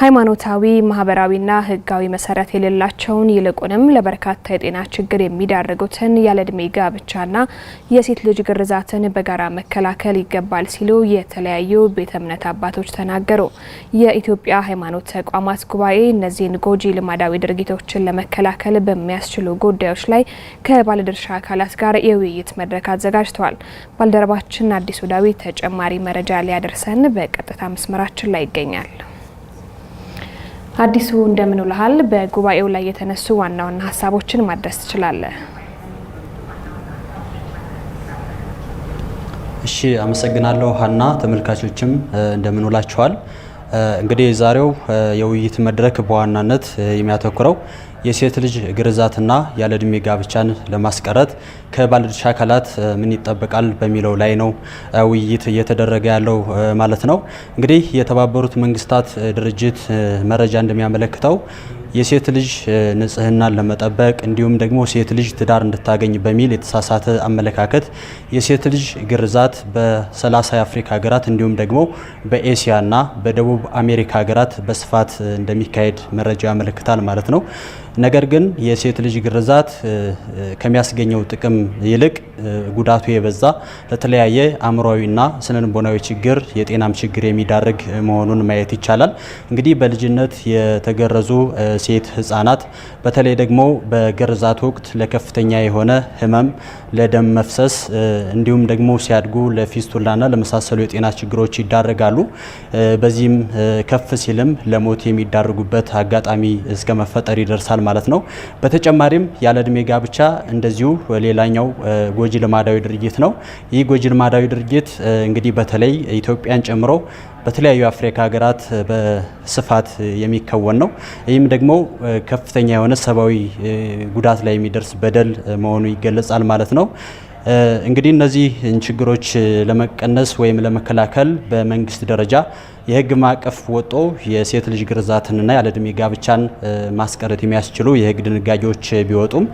ሃይማኖታዊ ማህበራዊና ህጋዊ መሰረት የሌላቸውን ይልቁንም ለበርካታ የጤና ችግር የሚዳርጉትን ያለዕድሜ ጋብቻና የሴት ልጅ ግርዛትን በጋራ መከላከል ይገባል ሲሉ የተለያዩ ቤተ እምነት አባቶች ተናገሩ። የኢትዮጵያ ሃይማኖት ተቋማት ጉባኤ እነዚህን ጎጂ ልማዳዊ ድርጊቶችን ለመከላከል በሚያስችሉ ጉዳዮች ላይ ከባለድርሻ አካላት ጋር የውይይት መድረክ አዘጋጅተዋል። ባልደረባችን አዲሱ ዳዊት ተጨማሪ መረጃ ሊያደርሰን በቀጥታ መስመራችን ላይ ይገኛል። አዲሱ እንደምን ውልሃል? በጉባኤው ላይ የተነሱ ዋና ዋና ሀሳቦችን ማድረስ ትችላለህ? እሺ፣ አመሰግናለሁ ሀና። ተመልካቾችም እንደምን ውላችኋል? እንግዲህ የዛሬው የውይይት መድረክ በዋናነት የሚያተኩረው የሴት ልጅ ግርዛትና ያለ እድሜ ጋብቻን ለማስቀረት ከባለድርሻ አካላት ምን ይጠበቃል በሚለው ላይ ነው ውይይት እየተደረገ ያለው ማለት ነው። እንግዲህ የተባበሩት መንግስታት ድርጅት መረጃ እንደሚያመለክተው የሴት ልጅ ንጽህናን ለመጠበቅ እንዲሁም ደግሞ ሴት ልጅ ትዳር እንድታገኝ በሚል የተሳሳተ አመለካከት የሴት ልጅ ግርዛት በ30 የአፍሪካ ሀገራት እንዲሁም ደግሞ በኤሲያና በደቡብ አሜሪካ ሀገራት በስፋት እንደሚካሄድ መረጃ ያመለክታል ማለት ነው። ነገር ግን የሴት ልጅ ግርዛት ከሚያስገኘው ጥቅም ይልቅ ጉዳቱ የበዛ ለተለያየ አእምሯዊና ስነልቦናዊ ችግር የጤናም ችግር የሚዳርግ መሆኑን ማየት ይቻላል። እንግዲህ በልጅነት የተገረዙ ሴት ህጻናት በተለይ ደግሞ በግርዛት ወቅት ለከፍተኛ የሆነ ህመም፣ ለደም መፍሰስ እንዲሁም ደግሞ ሲያድጉ ለፊስቱላና ለመሳሰሉ የጤና ችግሮች ይዳረጋሉ። በዚህም ከፍ ሲልም ለሞት የሚዳርጉበት አጋጣሚ እስከ መፈጠር ይደርሳል። ማለት ነው። በተጨማሪም ያለ እድሜ ጋብቻ እንደዚሁ ሌላኛው ጎጂ ልማዳዊ ድርጊት ነው። ይህ ጎጂ ልማዳዊ ድርጊት እንግዲህ በተለይ ኢትዮጵያን ጨምሮ በተለያዩ አፍሪካ ሀገራት በስፋት የሚከወን ነው። ይህም ደግሞ ከፍተኛ የሆነ ሰብአዊ ጉዳት ላይ የሚደርስ በደል መሆኑ ይገለጻል ማለት ነው። እንግዲህ እነዚህ ችግሮች ለመቀነስ ወይም ለመከላከል በመንግስት ደረጃ የህግ ማዕቀፍ ወጦ የሴት ልጅ ግርዛትንና ያለእድሜ ጋብቻን ማስቀረት የሚያስችሉ የህግ ድንጋጌዎች ቢወጡም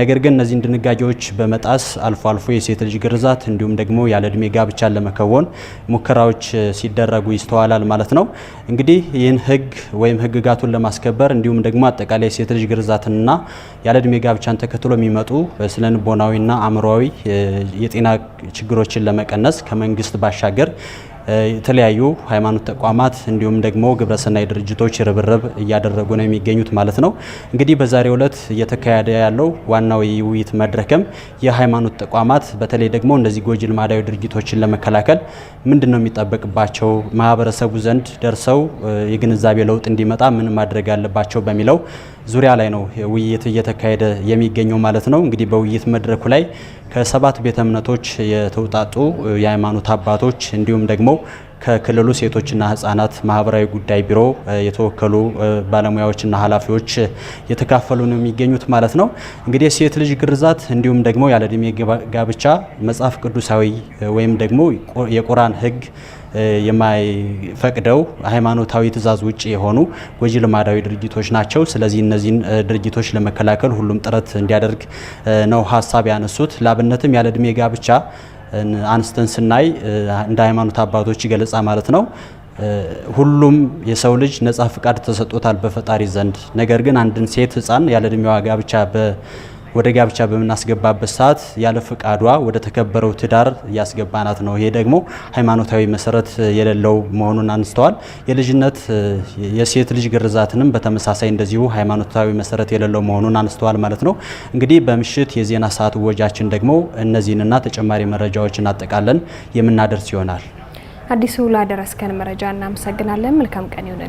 ነገር ግን እነዚህን ድንጋጌዎች በመጣስ አልፎ አልፎ የሴት ልጅ ግርዛት እንዲሁም ደግሞ ያለእድሜ ጋብቻን ለመከወን ሙከራዎች ሲደረጉ ይስተዋላል ማለት ነው። እንግዲህ ይህን ህግ ወይም ህግጋቱን ለማስከበር እንዲሁም ደግሞ አጠቃላይ የሴት ልጅ ግርዛትንና ያለእድሜ ጋብቻን ተከትሎ የሚመጡ ስነልቦናዊና አእምሯዊ የጤና ችግሮችን ለመቀነስ ከመንግስት ባሻገር የተለያዩ ሃይማኖት ተቋማት እንዲሁም ደግሞ ግብረሰናይ ድርጅቶች ርብርብ እያደረጉ ነው የሚገኙት ማለት ነው። እንግዲህ በዛሬው ዕለት እየተካሄደ ያለው ዋናው የውይይት መድረክም የሃይማኖት ተቋማት በተለይ ደግሞ እነዚህ ጎጂ ልማዳዊ ድርጊቶችን ለመከላከል ምንድን ነው የሚጠበቅባቸው፣ ማህበረሰቡ ዘንድ ደርሰው የግንዛቤ ለውጥ እንዲመጣ ምን ማድረግ አለባቸው በሚለው ዙሪያ ላይ ነው ውይይት እየተካሄደ የሚገኘው ማለት ነው። እንግዲህ በውይይት መድረኩ ላይ ከሰባት ቤተ እምነቶች የተውጣጡ የሃይማኖት አባቶች እንዲሁም ደግሞ ከክልሉ ሴቶችና ህጻናት ማህበራዊ ጉዳይ ቢሮ የተወከሉ ባለሙያዎችና ኃላፊዎች የተካፈሉ ነው የሚገኙት ማለት ነው። እንግዲህ የሴት ልጅ ግርዛት እንዲሁም ደግሞ እድሜ ጋብቻ መጽሐፍ ቅዱሳዊ ወይም ደግሞ የቁራን ህግ የማይፈቅደው ሃይማኖታዊ ትእዛዝ ውጭ የሆኑ ጎጂ ልማዳዊ ድርጊቶች ናቸው። ስለዚህ እነዚህን ድርጊቶች ለመከላከል ሁሉም ጥረት እንዲያደርግ ነው ሀሳብ ያነሱት። ለአብነትም ያለ እድሜ ጋብቻ አንስተን ስናይ እንደ ሃይማኖት አባቶች ገለጻ ማለት ነው ሁሉም የሰው ልጅ ነጻ ፍቃድ ተሰጥቶታል በፈጣሪ ዘንድ። ነገር ግን አንድን ሴት ህፃን ያለ እድሜዋ ጋብቻ ወደ ጋብቻ በምናስገባበት ሰዓት ያለ ፍቃዷ ወደ ተከበረው ትዳር እያስገባናት ነው። ይሄ ደግሞ ሃይማኖታዊ መሰረት የሌለው መሆኑን አንስተዋል። የልጅነት የሴት ልጅ ግርዛትንም በተመሳሳይ እንደዚሁ ሃይማኖታዊ መሰረት የሌለው መሆኑን አንስተዋል ማለት ነው። እንግዲህ በምሽት የዜና ሰዓት ወጃችን ደግሞ እነዚህንና ተጨማሪ መረጃዎችን አጠቃለን የምናደርስ ይሆናል። አዲሱ ላደረስከን መረጃ እናመሰግናለን። መልካም ቀን ይሆንልን።